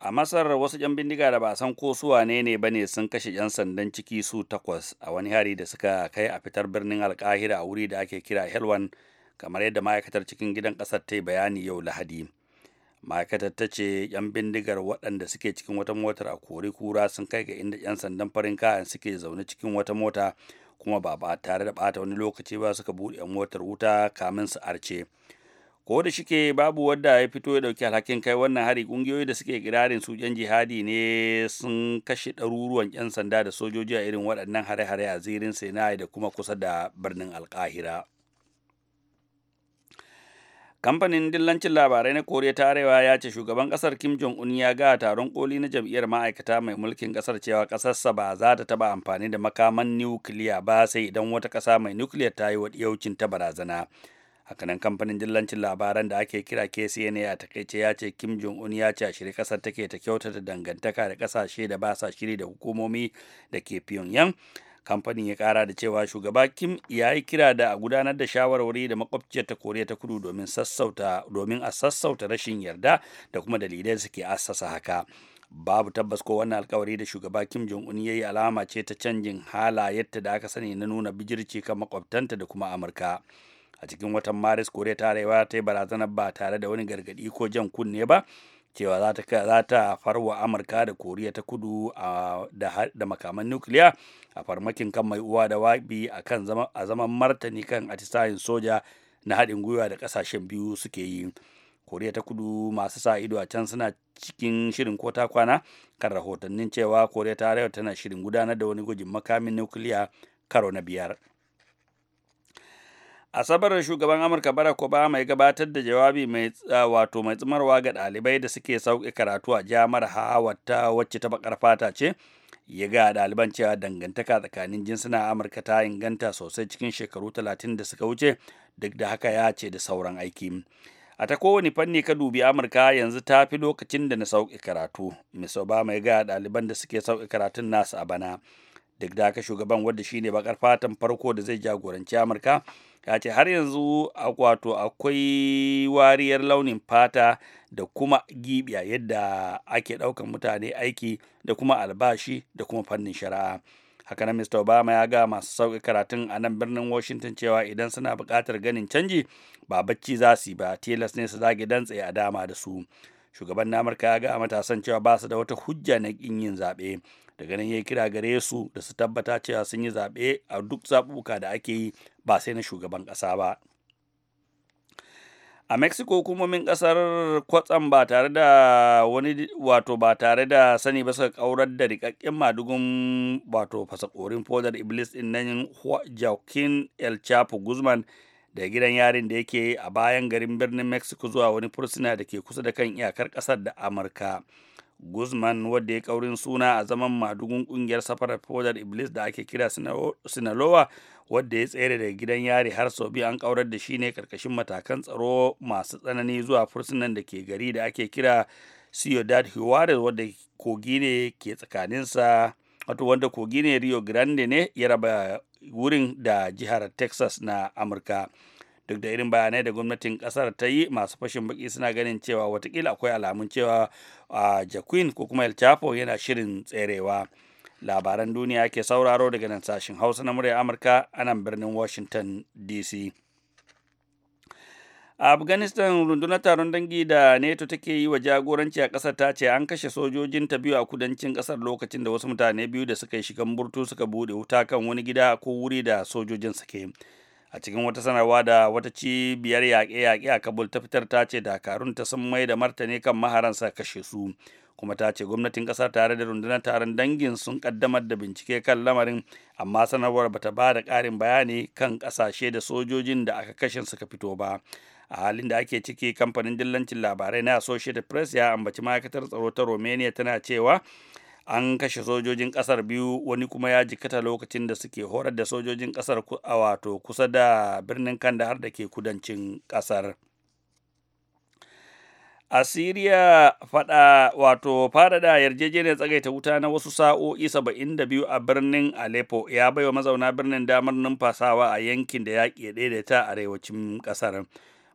A Masar wasu 'yan bindiga da ba san ko su wane ne ba ne sun kashe 'yan sandan ciki su takwas a wani hari da suka kai a fitar birnin alkahira a wuri da ake kira Helwan kamar yadda ma'aikatar cikin gidan ƙasar ta bayani yau Lahadi. Ma'aikatar ta ce 'yan bindigar waɗanda suke cikin wata motar a kori kura sun kai ga inda 'yan sandan farin kayan suke zaune cikin wata mota kuma ba ba tare da ɓata wani lokaci ba suka buɗe motar wuta kamin su arce. ko da shike babu wadda ya fito ya dauki alhakin kai wannan hari kungiyoyi da suke kirarin su yan jihadi ne sun kashe ɗaruruwan yan sanda da sojoji a irin waɗannan hare-hare a zirin sinai da kuma kusa da birnin alkahira kamfanin dillancin labarai na koriya ta arewa ya ce shugaban kasar kim jong un ya ga taron koli na jam'iyyar ma'aikata mai mulkin kasar cewa kasarsa ba za ta taba amfani da makaman nukiliya ba sai idan wata kasa mai nukiliya ta yi wa ta barazana hakanan kamfanin dillancin labaran da ake kira kcna a takaice ya ce kim jong un ya ce a shirye kasar take ta kyautata dangantaka da kasashe da ba sa shiri da hukumomi da ke pyongyang kamfanin ya kara da cewa shugaba kim ya yi kira da a gudanar da shawarwari da makwabciyar ta koriya ta kudu domin sassauta domin a sassauta rashin yarda da kuma dalilai suke assasa haka babu tabbas ko wannan alkawari da shugaba kim jong un ya yi alama ce ta canjin halayenta da aka sani na nuna bijirci kan makwabtanta da kuma amurka a cikin watan maris koriya ta arewa ta yi barazanar ba tare da wani gargaɗi ko jan kunne ba cewa za ta farwa amurka da koriya ta kudu da makaman nukiliya a farmakin kan mai uwa da wabi a zaman martani kan atisayin soja na haɗin gwiwa da ƙasashen biyu suke yi koriya ta kudu masu sa ido a can suna cikin shirin ko ta kwana kan rahotannin cewa koriya ta arewa tana shirin gudanar da wani gwajin makamin nukiliya karo na biyar Asabar shugaban Amurka Barack Obama ya gabatar da jawabi mai wato mai tsimarwa ga ɗalibai da suke sauƙi karatu a jami'ar Howard ta wacce ta bakar fata ce ya ga ɗaliban cewa dangantaka tsakanin jinsuna Amurka ta inganta sosai cikin shekaru talatin da suka wuce duk da haka ya ce da sauran aiki. A ta kowane fanni ka dubi Amurka yanzu ta fi lokacin da na sauƙi karatu. Ms. Obama ya ga ɗaliban da suke sauƙi karatun nasu a bana. Duk da haka shugaban wadda shine bakar fatan farko da zai jagoranci Amurka ta har yanzu wato akwai wariyar launin fata da kuma gibiya yadda ake ɗaukan mutane aiki da kuma albashi da kuma fannin shari'a hakanan mr obama ya ga masu sauƙi karatun a nan birnin washington cewa idan suna buƙatar ganin canji ba bacci za su yi ba tilas ne su zage dantse a dama da su shugaban na amurka ya ga a matasan cewa ba su da wata hujja na kin yin zaɓe daga nan ya kira gare su da su tabbata cewa sun yi zaɓe a duk zaɓuɓɓuka da ake yi ba sai na shugaban ƙasa ba a mexico hukumomin ƙasar kwatsam ba tare da wani wato ba tare da sani ba suka kaurar da rikakken madugun wato fasakorin fodar iblis din nan joaquin el chapo guzman da gidan yarin da yake a bayan garin birnin mexico zuwa wani fursuna da ke kusa da kan iyakar kasar da amurka guzman wadda ya kaurin suna a zaman madugun kungiyar safarar fodar iblis da ake kira sinaloa wadda ya tsere daga gidan yari har sau biyu an kaurar da shi ne karkashin matakan tsaro masu tsanani zuwa fursunan da ke gari da ake kira ciudad juarez wadda kogi ne ke tsakaninsa wato wanda kogi ne rio grande ne ya raba wurin da jihar texas na amurka duk da irin bayanai da gwamnatin kasar ta yi masu fashin baki suna ganin cewa watakila akwai alamun cewa a jaquin ko kuma el chapo yana shirin tserewa labaran duniya ke sauraro daga nan sashen hausa na murya amurka a nan birnin washington dc afghanistan rundunar taron dangi da neto take yi wa jagoranci a ƙasar ta ce an kashe sojojin ta biyu a kudancin kasar lokacin da wasu mutane biyu da suka yi shigan burtu suka bude wuta kan wani gida ko wuri da sojojin suke a cikin wata sanarwa da wata cibiyar yaƙe-yaƙe a kabul ta fitar ta ce dakarun ta sun mai da martani kan maharansa kashe su kuma ta ce gwamnatin ƙasar tare da rundunar taron dangin sun ƙaddamar da bincike kan lamarin amma sanarwar bata ba da ƙarin bayani kan ƙasashe da sojojin da aka kashe suka fito ba a halin da ake ciki kamfanin dillancin labarai na associated press ya ambaci ma'aikatar tsaro ta romania tana cewa an kashe sojojin kasar biyu wani kuma ya jikata lokacin da suke horar da sojojin kasar a wato kusa da birnin kandahar da ke kudancin kasar asiriya fada wato fadada yarjejeniyar tsagaita wuta na wasu sa'o'i saba'in da biyu a birnin aleppo ya baiwa mazauna birnin damar numfasawa a yankin da yaƙi da daidaita arewacin ƙasar. kasar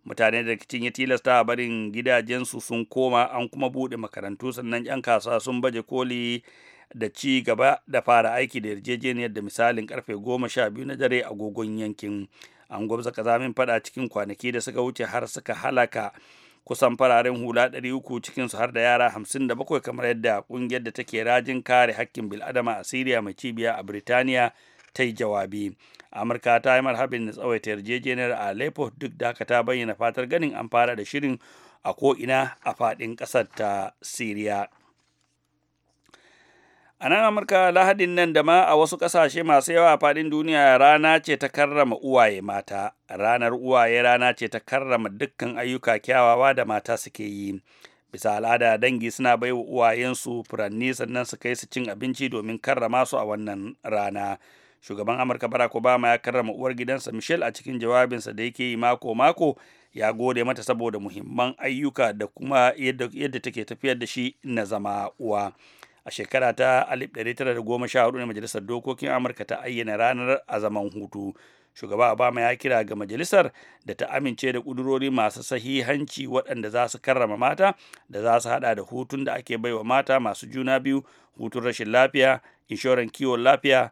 mutane da rikicin ya tilasta a barin gidajensu sun koma an kuma buɗe makarantu sannan 'yan kasuwa sun baje koli da ci gaba da fara aiki da yarjejeniyar da misalin karfe goma sha biyu na dare agogon yankin an gwabza kazamin fada cikin kwanaki da suka wuce har suka halaka kusan fararen hula 300 cikinsu har da yara 57 kamar yadda kungiyar da take rajin kare hakkin bil'adama a siriya mai cibiya a birtaniya ta yi jawabi amurka ta yi marhabin da tsawaita yarjejeniyar a aleppo duk da haka ta bayyana fatar ganin an fara da shirin a ko'ina a faɗin kasar ta siriya a nan amurka lahadin nan da ma a wasu ƙasashe masu yawa a faɗin duniya rana ce ta karrama uwaye mata ranar uwaye rana ce ta karrama dukkan ayyuka kyawawa da mata suke yi bisa al'ada dangi suna bai wa uwayensu furanni sannan su kai su cin abinci domin karrama su a wannan rana shugaban amurka barack obama ya karrama uwar gidansa michelle a cikin jawabinsa da yake yi mako mako ya gode mata saboda muhimman ayyuka da kuma yadda take tafiyar da shi na zama uwa a shekara ta 1914 ne majalisar dokokin amurka ta ayyana ranar a zaman hutu shugaba obama ya kira ga majalisar da ta amince da kudurori masu sahihanci waɗanda za su karrama mata da za su hada da hutun da ake baiwa mata masu juna biyu hutun rashin lafiya inshoran kiwon lafiya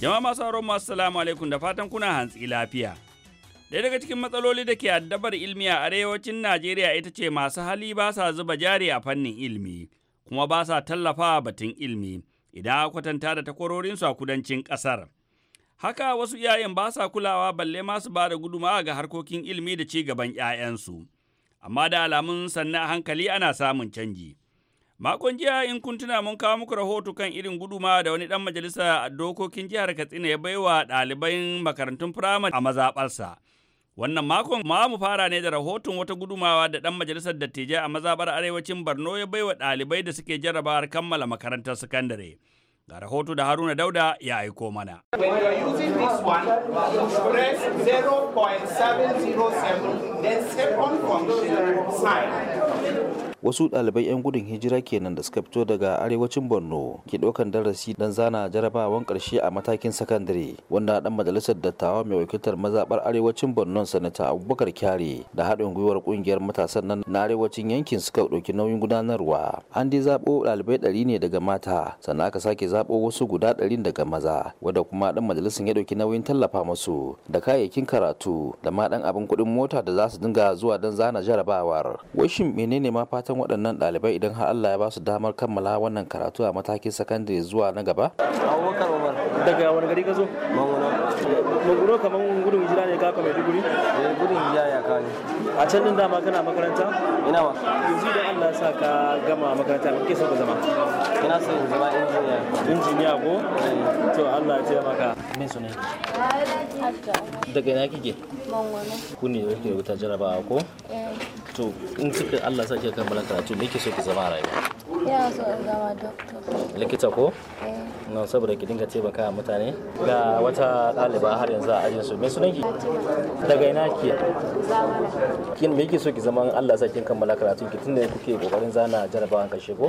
Jama'a masu sauran masu salamu alaikum da fatan kuna hantsi lafiya. Ɗaya daga cikin matsaloli da ke addabar ilimi a arewacin Najeriya ita ce masu hali ba sa zuba jari a fannin ilimi kuma ba sa tallafa batun ilmi idan kwatanta da takwarorinsu a kudancin ƙasar. Haka wasu iyayen ba sa kulawa balle masu ba da gudumawa ga harkokin ilimi da ci gaban 'ya'yansu. Amma da alamun sannan hankali ana samun canji. Makon jiya in kun tuna mun kawo muku rahoto kan irin guduma da wani dan majalisa a dokokin jihar Katsina ya baiwa ɗaliban makarantun firamare a mazaɓarsa. Wannan makon ma mu fara ne da rahoton wata gudumawa da dan majalisar dattijai a mazaɓar arewacin Borno ya baiwa ɗalibai da suke jarrabawar kammala makarantar sakandare. Ga rahoto da Haruna Dauda ya aiko mana. When 0.707, then second function sign. wasu ɗalibai 'yan gudun hijira kenan da suka fito daga arewacin borno ke ɗaukan darasi don zana jarabawan ƙarshe a matakin sakandare wanda ɗan majalisar dattawa mai wakiltar mazaɓar arewacin borno sanata abubakar kyare da haɗin gwiwar ƙungiyar matasan nan na arewacin yankin suka ɗauki nauyin gudanarwa an dai zaɓo ɗalibai ɗari ne daga mata sannan aka sake zaɓo wasu guda ɗari daga maza wanda kuma ɗan majalisar ya ɗauki nauyin tallafa musu da kayayyakin karatu da ma ɗan abin kuɗin mota da za su dinga zuwa don zana jarabawar wai shin menene ma fatan fatan waɗannan ɗalibai idan har Allah ya ba su damar kammala wannan karatu a matakin sakandare zuwa na gaba? Abubakar Umar. Daga wani gari ka zo? Manguno. Manguno kamar gudun hijira ne ka kama duguri? Eh gudun hijira ya kawo A can din dama kana makaranta? Ina ma. Yanzu idan Allah sa ka gama makaranta me kake so ka zama? Ina so in zama injiniya. Injiniya ko? Eh. To Allah ya maka. Me sunan ki? Daga ina kike? Manguno. Ku ne wata rubuta jarabawa ko? Eh. to in suka Allah sake kammala karatu me kike so ki zama rayuwa ina so in zama doctor likita ko eh na saboda ki dinga ce baka mutane ga wata daliba har yanzu a ajin su me sunan ki daga ina ki kin me kike so ki zama in Allah sake kammala karatu ki tunda kuke kokarin zana jarabawan kashe ko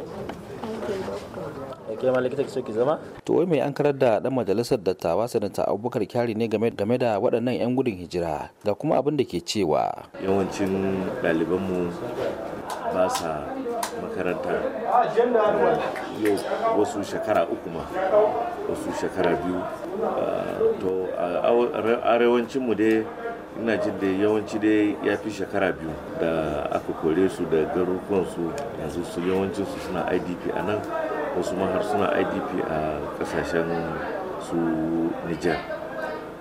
ke ma likita ki so ki zama to wai mai an karar da dan majalisar dattawa sanata Abubakar Kyari ne game game da waɗannan yan gudun hijira ga kuma abin da ke cewa yawancin ɗaliban mu ba sa makaranta yau wasu shekara uku ma wasu shekara biyu ah, to arewancin mu dai ina jin da yawanci dai ya fi shekara biyu da aka kore su da su yanzu su yawancinsu suna idp a nan wasu ma idp a kasashen su niger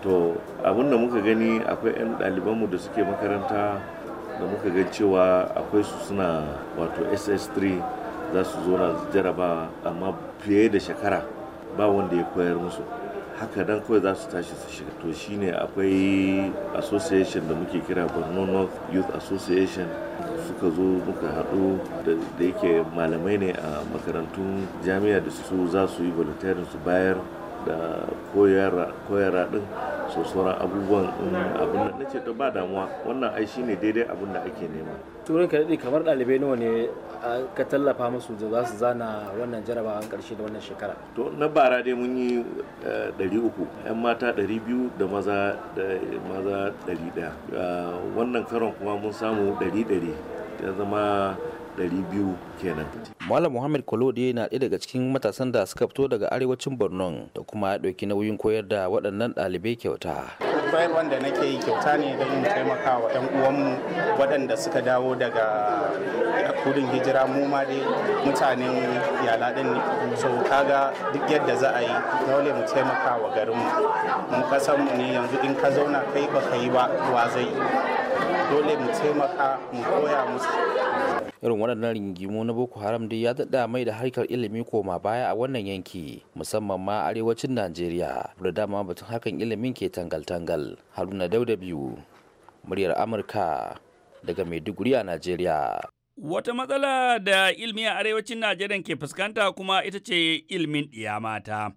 to abin da muka gani akwai 'yan ɗalibanmu da suke makaranta da muka ga cewa akwai su suna wato ss3 za su zo na jaraba amma fiye da shekara ba wanda ya koyar musu haka dan kawai za su tashi su shiga to shine akwai association da muke kira borno north youth association suka zo muka haɗu da yake malamai ne a makarantun jami'a da su za su yi volunteering su bayar da koyara din so sauran abubuwan mm, abin da nace to ba damuwa wannan ai shine daidai abin da ake nema turin ka daɗi kamar ɗalibai nawa ne ka tallafa musu da za su zana wannan jarabawan ƙarshe da wannan shekara to na bara dai mun yi eh, ɗari uku yan mata ɗari biyu da maza maza ɗari ɗaya ah, wannan karon kuma mun samu ɗari ɗari ya zama 200 kenan. Malam Muhammad Kolode na ɗaya daga cikin matasan da suka fito daga arewacin Borno da kuma ya ɗauki nauyin koyar da waɗannan ɗalibai kyauta. Koyar wanda nake yi kyauta ne don mu taimaka wa 'yan uwanmu waɗanda suka dawo daga kudin hijira mu ma dai mutanen yala ɗin ne. So kaga duk yadda za a yi dole mu taimaka wa garinmu. Mun kasanmu ne yanzu in ka zauna kai ba ka yi ba wa zai dole mu taimaka mu koya musu irin waɗannan rigimu na boko haram dai ya daɗa mai da harkar ilimi koma baya a wannan yanki musamman ma arewacin najeriya da dama batun hakan ilimin ke tangal-tangal haruna dauda biyu muryar amurka daga maiduguri a najeriya Wata matsala da ilmi a arewacin Najeriya ke fuskanta kuma ita ce ilimin ɗiya mata.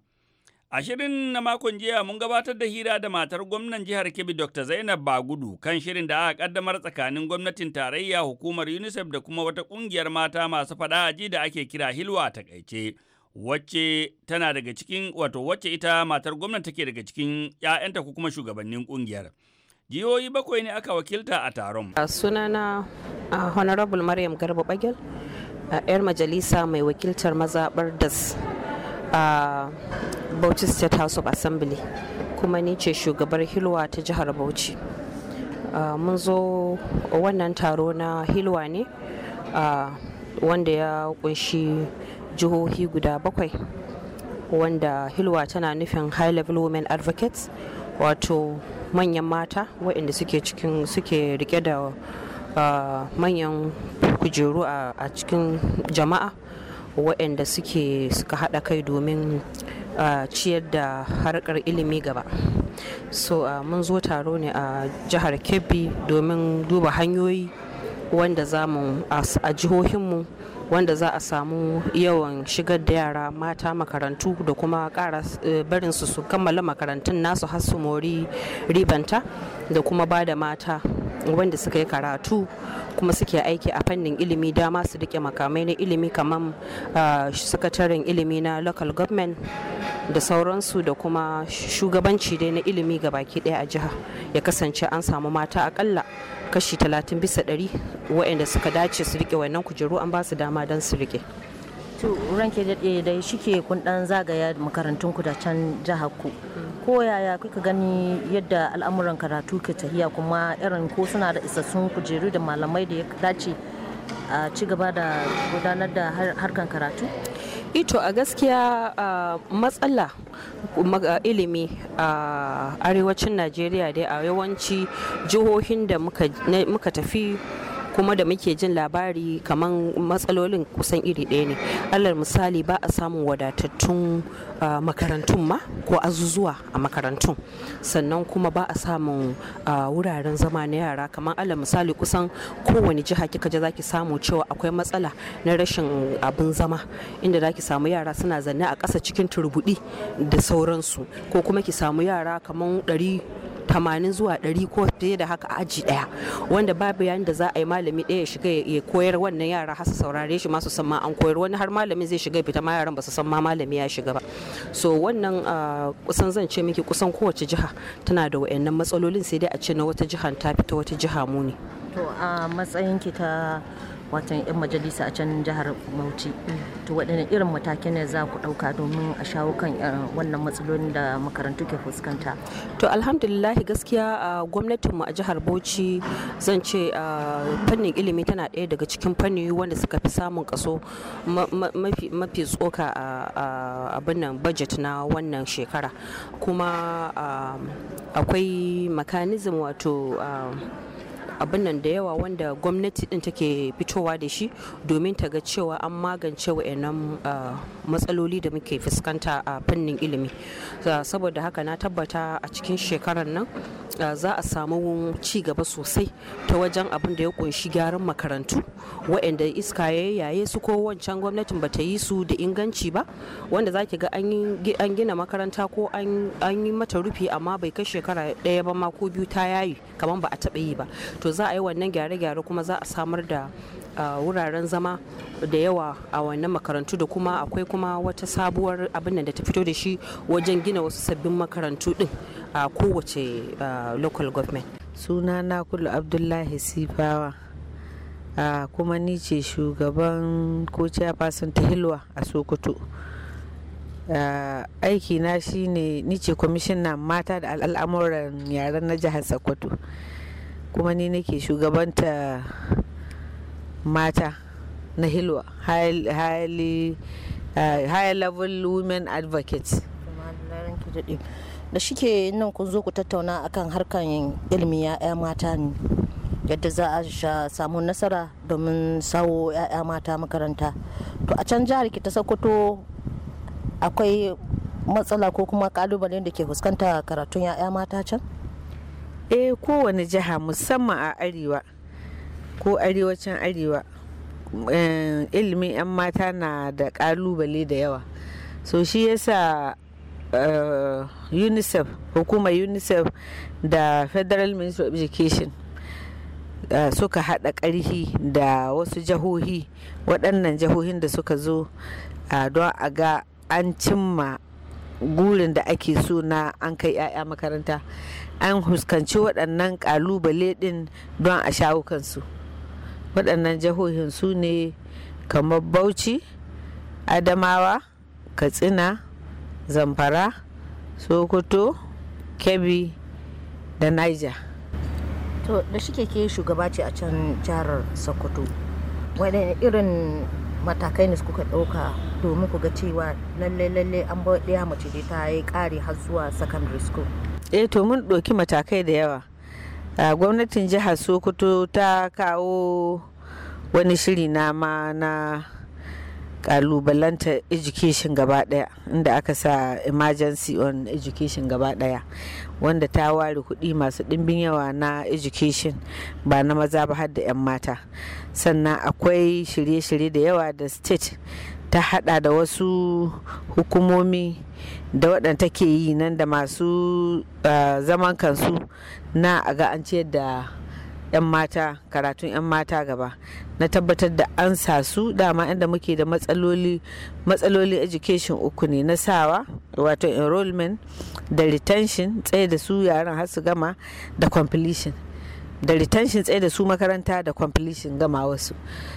A shirin na makon jiya mun gabatar da hira da matar gwamnan jihar Kebbi Dr. Zainab Bagudu kan shirin da aka kaddamar tsakanin gwamnatin tarayya hukumar UNICEF da kuma wata kungiyar mata masu fada ji da ake kira Hilwa a takaice. Wacce tana daga cikin wato wacce ita matar gwamnan take daga cikin 'ya'yanta ko kuma shugabannin kungiyar. Jihohi bakwai ne aka wakilta a taron. Sunana Honorable Maryam Garba Bagel, a 'yar majalisa mai wakiltar mazaɓar DAS a Bauchi State House of Assembly kuma ni ce shugabar Hilwa ta jihar Bauchi. Mun zo wannan taro na Hilwa ne wanda ya kunshi jihohi guda bakwai wanda Hilwa tana nufin High Level Women Advocates wato manyan mata waɗanda suke cikin suke rike da manyan kujeru a cikin jama'a. waɗanda suke suka haɗa kai domin ciyar da harkar ilimi gaba so mun zo taro ne a jihar kebbi domin duba hanyoyi wanda za mu a jihohinmu wanda za a samu yawan shigar da yara mata makarantu da kuma kara e, barin su su kammala makarantun nasu har su ribanta da kuma ba da mata wanda suka yi karatu kuma suke aiki a fannin ilimi dama su rike makamai na ilimi kamar ah, sakataren ilimi na local government da sauransu da kuma shugabanci dai na ilimi ga baki daya a jiha ya kasance an samu mata akalla kashi 30 bisa 100 waɗanda suka dace su rike wannan kujeru an ba su dama don su rike ranke daɗe da shike kun ɗan zagaya makarantun ku da can jihar ku ko yaya kuka gani yadda al'amuran karatu ke tafiya kuma irin ko suna da isassun kujeru da malamai da ya dace a ci gaba da gudanar da harkan karatu ito eh a gaskiya uh, matsala ilimi a arewacin najeriya dai a yawanci jihohin da muka tafi kuma da muke jin labari kamar matsalolin kusan iri ɗaya ne alal misali ba a samun wadatattun makarantun ma ko azuzuwa a makarantun sannan kuma ba a samun wuraren zama na yara kamar alal misali kusan kowane jiha kika je zaki samu cewa akwai matsala na rashin abin zama inda zaki samu yara suna zanne a ƙasa cikin turbudi da sauransu ko kuma ki samu yara kamar ɗari 80 zuwa 100 ko fiye da haka a aji daya wanda babu yayin da za a yi malami daya shiga ya koyar wannan yara har su saurare shi ma su san ma an koyar wani har malami zai shiga fita ma yaran ba su san ma malami ya shiga ba so wannan ah, kusan zan ce miki kusan kowace jiha tana da wayannan matsalolin sai dai a ce na wata jihan ta fita wata jiha muni to a matsayin ta watan 'yan majalisa a can jihar bauchi to waɗanne irin matakin ne za ku ɗauka domin a shawo kan eh, wannan matsalolin da makarantu ke fuskanta to alhamdulillahi gaskiya a mu a jihar bauchi zan ce fannin ilimi tana ɗaya daga cikin fanni wanda suka fi samun kaso mafi tsoka a abin nan budget na wannan shekara kuma akwai mechanism wato abin nan da yawa wanda gwamnati din take fitowa da shi domin ta ga cewa an magance wa'annan ah, matsaloli da muke fuskanta a fannin ilimi ah, saboda haka na tabbata a cikin shekarar nan ah, za a samu ci gaba sosai ta wajen abin da ya kunshi gyaran makarantu waɗanda iska ya yaye su ko wancan gwamnatin ba ta yi su da inganci ba wanda za ki ga an gina makaranta ko an yi mata rufi amma bai kai shekara ɗaya ba ma ko biyu ta yayi kamar ba a taɓa yi ba to to za a yi wannan gyare-gyare kuma za a samar da wuraren zama da yawa a wannan makarantu da kuma akwai kuma wata sabuwar abin da ta fito da shi wajen gina wasu sabbin makarantu din a kowace local government suna na kulu abdullahi sifawa kuma ni ce shugaban ko chairperson ta hilwa a sokoto aiki na shine ni ce kwamishinan mata da al'amuran yaren na jihar sokoto kuma ni nake shugabanta mata na hilwa high uh, level women advocates da shike nan kun zo ku tattauna akan harkan ilimi ya'ya mata ne yadda za a sha samu nasara domin sawo 'ya'ya mata makaranta to a can jihar ki ta sokoto akwai matsala ko kuma kalubalen da ke fuskanta karatun 'ya'ya mata can eh kowane jiha musamman a arewa ko arewacin arewa eh, ilimin 'yan mata na da kalubale da yawa so shi yasa uh, eh, unicef hukumar unicef da federal ministry of education uh, suka haɗa ƙarhi da wasu jihohi waɗannan jihohin da suka zo don a ga an cimma gurin da ake so na an kai 'ya'ya makaranta an huskanci waɗannan ƙalubale ɗin don a shawo kansu waɗannan jihohin su ne kamar bauchi adamawa katsina zamfara sokoto kebbi da niger to da shike ke shugaba ce a can jihar sokoto waɗanne irin matakai ne kuka ɗauka domin ku ga cewa lalle lalle an bauɗe mace mace ta yi ƙari har zuwa secondary school eh to mun ɗauki matakai da yawa a gwamnatin jihar sokoto ta kawo wani shiri na ma na kalubalanta education gaba daya inda aka sa emergency on education gaba daya wanda ta ware kuɗi masu ɗimbin yawa na education ba na maza ba har 'yan mata sannan akwai shirye-shirye da yawa da state ta hada da wasu hukumomi da waɗanda take yi nan da masu zaman kansu na a ga an ciyar da 'yan mata karatun 'yan mata gaba na tabbatar da an sa su dama inda muke da matsaloli matsaloli education uku ne na sawa wato enrollment da retention tsaye da su yaran har su gama da completion da retention tsaye da su makaranta da completion gama wasu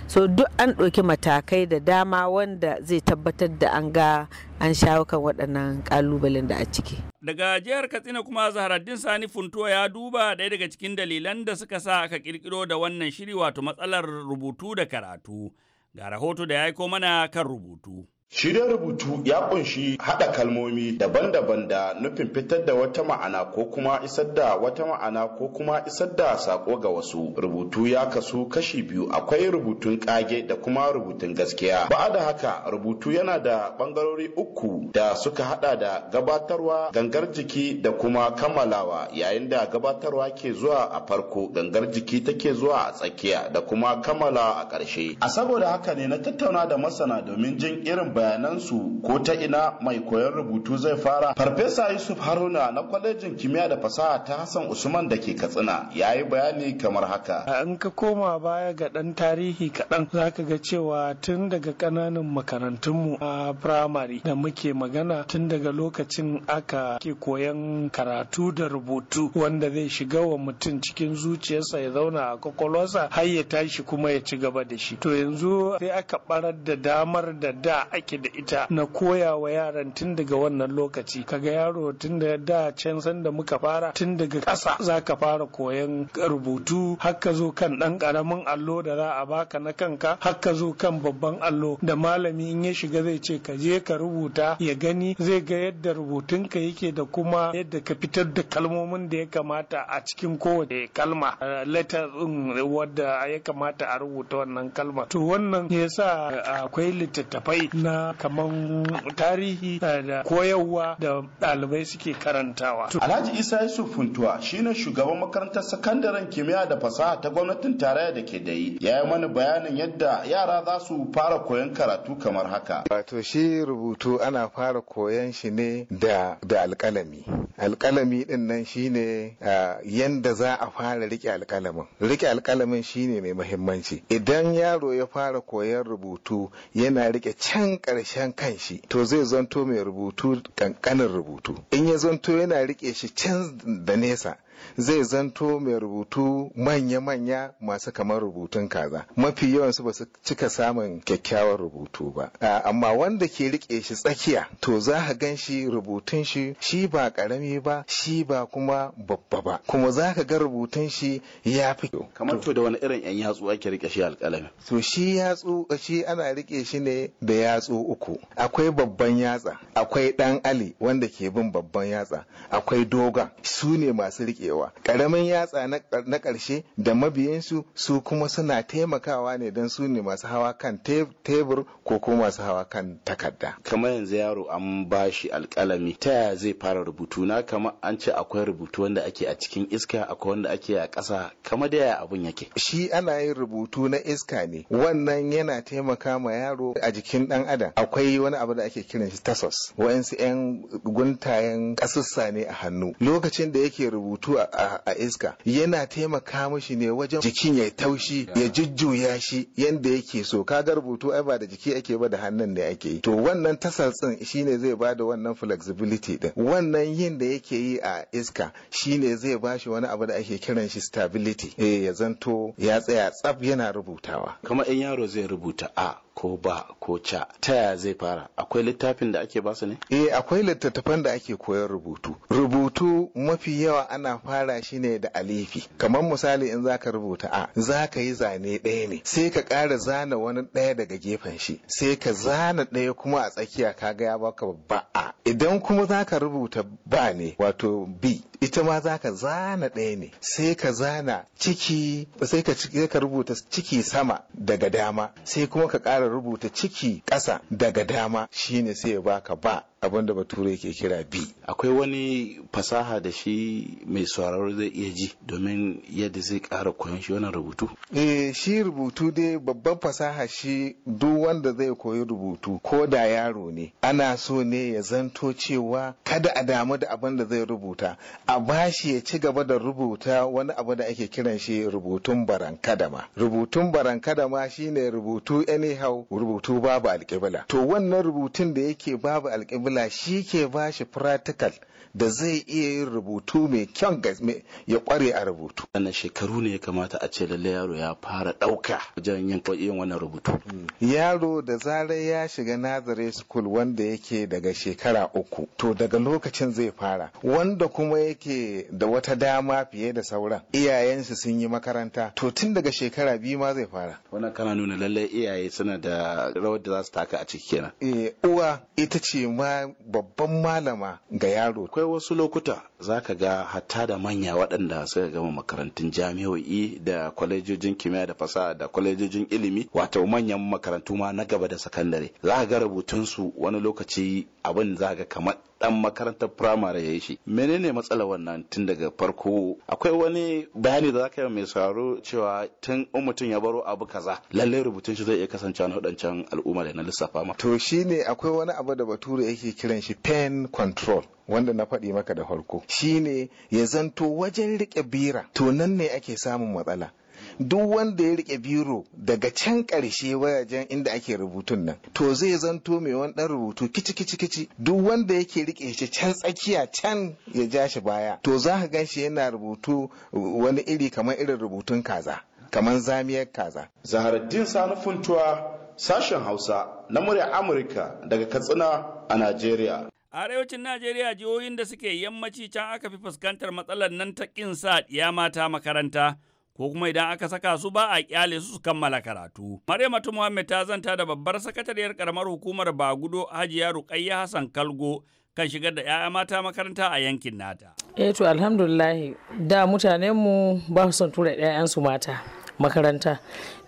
so duk an ɗauki matakai da dama wanda zai tabbatar da an ga an shawo kan waɗannan ƙalubalen da a ciki daga jihar katsina kuma zaharaddin sani funto ya duba ɗaya daga cikin dalilan da suka sa aka ƙirƙiro da wannan shiri wato matsalar rubutu da karatu ga rahoto da ya aiko mana kan rubutu Shirin rubutu ya kunshi haɗa kalmomi daban-daban da nufin fitar da wata ma'ana ko kuma isar da wata ma'ana ko kuma isar da sako ga wasu. Rubutu ya kasu kashi biyu akwai rubutun ƙage da kuma rubutun gaskiya. Ba'a da haka rubutu yana da ɓangarori uku da suka haɗa da gabatarwa, gangar jiki da kuma kammalawa yayin da gabatarwa ke zuwa a farko gangar jiki take zuwa a tsakiya da kuma kammalawa a ƙarshe. A saboda haka ne na tattauna da masana domin jin irin bayanansu ko ta ina mai koyon rubutu zai fara farfesa yusuf haruna na kwalejin kimiyya da fasaha ta hassan usman da ke katsina ya yi bayani kamar haka an ka koma baya ga ɗan tarihi kaɗan za ka ga cewa tun daga ƙananan makarantunmu a firamare da muke magana tun daga lokacin aka ke koyon karatu da rubutu wanda zai shiga wa mutum cikin zuciyarsa ya zauna a kwakwalwarsa har ya tashi kuma ya ci gaba da shi to yanzu sai aka barar da damar da da ake take da ita na koya wa yaran tun daga wannan lokaci kaga yaro tun da da can san da muka fara tun daga ƙasa za ka fara koyan rubutu har zo kan ɗan ƙaramin allo da za a baka na kanka har zo kan babban allo da malami in ya shiga zai ce ka je ka rubuta ya gani zai ga yadda rubutunka yake da kuma yadda ka fitar da kalmomin da ya kamata a cikin kowace kalma letter din wadda ya kamata a rubuta wannan kalma to wannan yasa akwai littattafai na kamar kaman tarihi da koyarwa da ɗalibai suke karantawa. Alhaji Isa Yusuf Funtuwa shine shugaban makarantar sakandaren kimiyya da fasaha ta gwamnatin tarayya da ke da yi. Ya yi mana bayanin yadda yara za su fara koyon karatu kamar haka. Wato shi rubutu ana fara koyon shi ne da alƙalami. Alƙalami ɗin nan shine yanda za a fara riƙe alƙalamin. Riƙe alƙalamin shine mai muhimmanci. Idan yaro ya fara koyon rubutu yana riƙe can ƙarshen kanshi to zai zanto mai rubutu ƙanƙanin rubutu in ya zanto yana riƙe shi can da nesa zai zanto mai rubutu manya-manya masu kamar rubutun kaza mafi yawansu ba su cika samun kyakkyawan rubutu ba amma wanda ke rike shi tsakiya to za ka gan shi rubutun shi shi ba karami ba shi ba kuma babba ba kuma za ka ga rubutun shi ya fi kamar to da wani irin yan yatsu ake rike shi alƙalami to shi yatsu shi ana rike shi ne da yatsu uku akwai babban yatsa akwai dan ali wanda ke bin babban yatsa akwai dogon su ne masu riƙewa taimakawa ƙaramin yatsa na ƙarshe da mabiyansu su kuma suna taimakawa ne don su ne masu hawa kan tebur ko kuma masu hawa kan takarda kamar yanzu yaro an ba shi alƙalami ta yaya zai fara rubutu na kama an ce akwai rubutu wanda ake a cikin iska akwai wanda ake a ƙasa kama da yaya abun yake shi ana yin rubutu na iska ne wannan yana taimaka ma yaro a jikin ɗan adam akwai wani abu da ake kiran shi tasos wa'ansu 'yan guntayen ƙasussa ne a hannu lokacin da yake rubutu a a iska yana taimaka mashi ne wajen jikin ya taushi ya jujjuya shi yadda yake so ka rubutu ai ba da jiki ake ba da hannun ne ake yi to wannan tasatsin shine zai ba da wannan flexibility din wannan yin da yake yi a iska shine zai ba shi wani abu da ake kiran shi stability eh ya zanto ya tsaya tsaf yana rubutawa Kama in yaro zai rubuta a ko ba ko ca ta yaya zai fara akwai littafin da ake basu ne eh akwai littattafan da ake koyar rubutu rubutu mafi yawa ana fara shi ne da alifi kamar misali in zaka rubuta a zaka yi zane ɗaya ne sai ka ƙara zana wani ɗaya daga gefen shi sai ka zana ɗaya kuma a tsakiya kaga ya baka babba a idan kuma zaka rubuta ba ne wato b ita ma za ka zana ɗaya ne sai ka zana ciki sai ka ka rubuta ciki sama daga dama sai kuma ka ƙara rubuta ciki ƙasa daga dama shine sai ya baka ba abin da bature ke kira bi akwai wani fasaha da shi mai sauraro zai iya ji domin yadda zai ƙara koyon shi wannan rubutu eh shi rubutu dai babban fasaha shi duk wanda zai koyi rubutu ko da yaro ne ana so ne ya zanto cewa kada a damu da abin da zai rubuta a bashi ya ci gaba da rubuta wani abu da ake kiran shi rubutun barankadama rubutun barankadama shine rubutu anyhow rubutu babu alƙibla to wannan rubutun da yake babu alƙibla formula shi ke ba shi practical da zai iya yin rubutu mai kyan gasme ya kware a rubutu. Wannan shekaru ne ya kamata a ce lalle yaro ya fara ɗauka wajen yin wannan rubutu. Hmm. Yaro da zarar ya shiga nazare school wanda yake daga shekara uku to daga lokacin zai fara wanda kuma yake da wata dama fiye da sauran iyayensu sun yi makaranta to tun daga shekara biyu ma zai fara. Wannan kana nuna lallai iyaye suna da rawar da za su taka a ciki kenan. Eh uwa ita ce ma babban malama ga yaro akwai wasu lokuta za ka ga hatta da manya waɗanda suka gama makarantun jami'o'i da kwalejojin kimiyya da fasaha da kwalejojin ilimi wato manyan makarantu ma na gaba da sakandare za ka ga rubutunsu wani lokaci abin za kamar dan makarantar firamare ya yi shi menene matsalar wannan tun daga farko akwai wani bayani da zaka yi mai sauraro cewa tun in mutum ya baro abu kaza lallai rubutun shi zai iya kasancewa na wadancan al'umma da na lissafa ma to shine akwai wani abu da bature yake kiran shi pen control wanda na faɗi maka da farko ne ya zanto wajen riƙe bira to nan ne ake samun matsala duk wanda ya rike biro daga can ƙarshe wajen inda ake rubutun nan to zai zanto mai wani ɗan rubutu kici kici kici duk wanda yake rike shi can tsakiya can ya ja shi baya to za ka gan shi yana rubutu wani iri kamar irin rubutun kaza kamar zamiyar kaza zaharaddin sani funtuwa sashen hausa na murya amurka daga katsina a najeriya arewacin najeriya jihohin da suke yammaci can aka fi fuskantar matsalar nan ta kin sa ɗiya mata makaranta ko kuma idan aka saka su ba a kyale su su kammala karatu. Atu Muhammad ta zanta da babbar sakatariyar karamar hukumar Bagudo Hajiya rukayya Hassan Kalgo kan shigar da 'ya'ya mata makaranta a yankin nata. Eh to alhamdulillah da mu ba su son tura 'ya'yansu mata makaranta.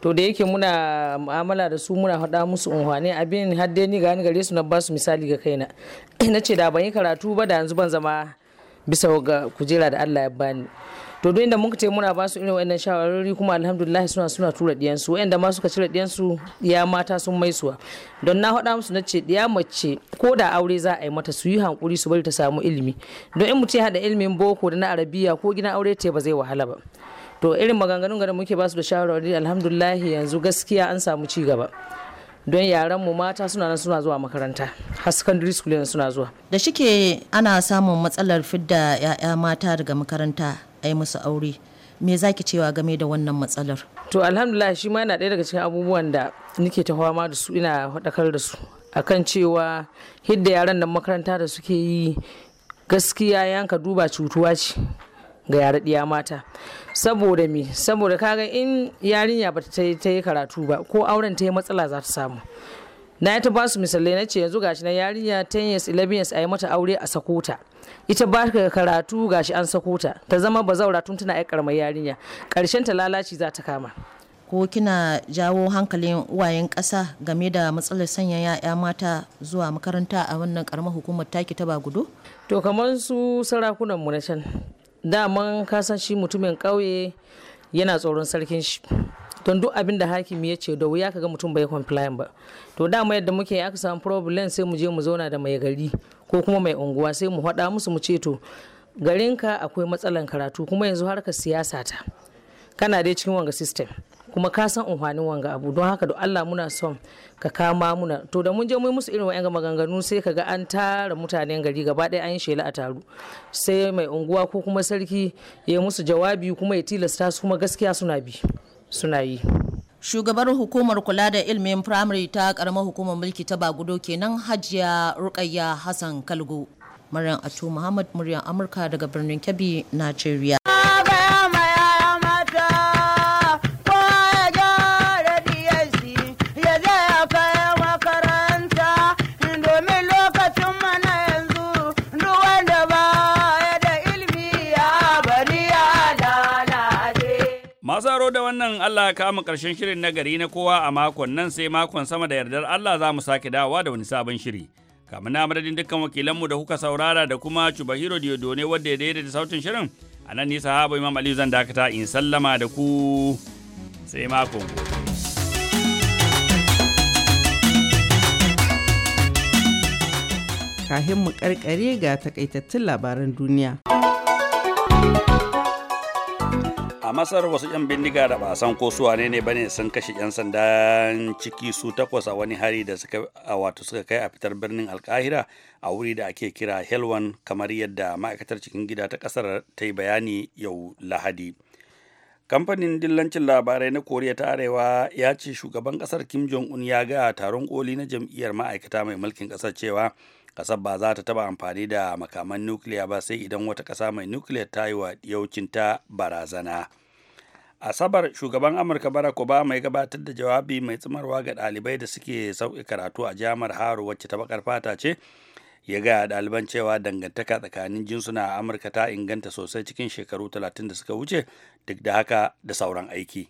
To da yake muna mu'amala da su muna faɗa musu unhwane abin hadde ni gani gare su na ba su misali ga kaina. Na ce da ban yi karatu ba da yanzu ban zama bisa ga kujera da Allah ya bani. to duk inda muka ce muna ba su irin wannan shawarwari kuma alhamdulillah suna suna tura diyansu wanda ma suka cire diyansu ya mata sun maisuwa don na haɗa musu na ce diya mace ko da aure za a yi mata su yi hankuri su bari ta samu ilimi don in mutum hada haɗa ilimin boko da na arabiya ko gina aure ta ba zai wahala ba to irin maganganun da muke ba su da shawarwari alhamdulillah yanzu gaskiya an samu ci gaba don yaran mu mata suna nan suna zuwa makaranta har secondary school suna zuwa da shike ana samun matsalar fidda 'ya'ya mata daga makaranta a musu aure me za ki cewa game da wannan matsalar to alhamdulillah shi ma yana ɗaya daga cikin abubuwan da nike ta fama da su ina haɗakar da su akan cewa hidda yaran nan makaranta da suke yi gaskiya yanka duba cutuwa ce ga yara ɗiya mata saboda me saboda kaga in yarinya ba ta yi karatu ba ko auren ta yi matsala za ta samu na ta ba su misalai na ce yanzu gashi na yarinya 10 years 11 years a yi mata aure a sakota. ita ba ka karatu shi an sako ta ta zama bazaura tun tana yar karamar yarinya karshen ta lalaci za ta kama ko kina jawo hankalin uwayen kasa game da matsalar sanya ya'ya mata zuwa makaranta a wannan karamar hukumar taki ta bagudo to kamar su sarakunan mu na can daman kasan shi mutumin ƙauye yana tsoron sarkin shi don duk abin da hakimi ya ce da wuya kaga mutum bai comply ba to dama yadda muke aka samu problem sai mu je mu zauna da mai gari ko kuma mai unguwa sai mu hada musu mu ce to garinka akwai matsalan karatu kuma yanzu har ka siyasa ta kana dai cikin wanga system kuma ka san unhwanin wanga abu don haka don Allah muna son ka kama muna to da mun je mu musu irin wa'yan maganganu sai ka ga an tara mutanen gari gaba ɗaya an yi shela a taru sai mai unguwa ko kuma sarki ya musu jawabi kuma ya tilasta su kuma gaskiya suna bi suna yi shugabar hukumar kula da ilimin firamare ta karamar hukumar mulki ta bagudo kenan hajiya rukayya hassan kalgo maryam atu muhammad muryar amurka daga birnin kebbi nigeria sauraro da wannan Allah ka mu ƙarshen shirin na na kowa a makon nan sai makon sama da yardar Allah za mu sake dawowa da wani sabon shiri. Kamar na madadin dukkan wakilanmu da kuka saurara da kuma cubahiro Diodo ne wadda ya daidaita sautin shirin. A nan ni sahaba Imam Aliyu zan dakata in sallama da ku sai makon Kahin mu ƙarƙare ga takaitattun labaran duniya. a masar wasu 'yan bindiga da ba san ko suwa ne bane sun kashe 'yan sandan ciki su takwas a wani hari da suka a wato suka kai a fitar birnin alkahira a wuri da ake kira helwan kamar yadda ma'aikatar cikin gida ta kasar ta yi bayani yau lahadi kamfanin dillancin labarai na koriya ta arewa ya ce shugaban kasar kim jong un ya ga taron koli na jam'iyyar ma'aikata mai mulkin kasar cewa ƙasar ba za ta taba amfani da makaman nukiliya ba sai idan wata ƙasa mai nukiliya ta yi wa ta barazana asabar shugaban amurka barack obama ya gabatar da jawabi mai tsimarwa ga ɗalibai da suke sauƙi karatu a Jamar haro wacce ta bakar fata ce ya gaya ɗaliban cewa dangantaka tsakanin jinsuna a amurka ta inganta sosai cikin shekaru talatin da suka wuce duk da haka da sauran aiki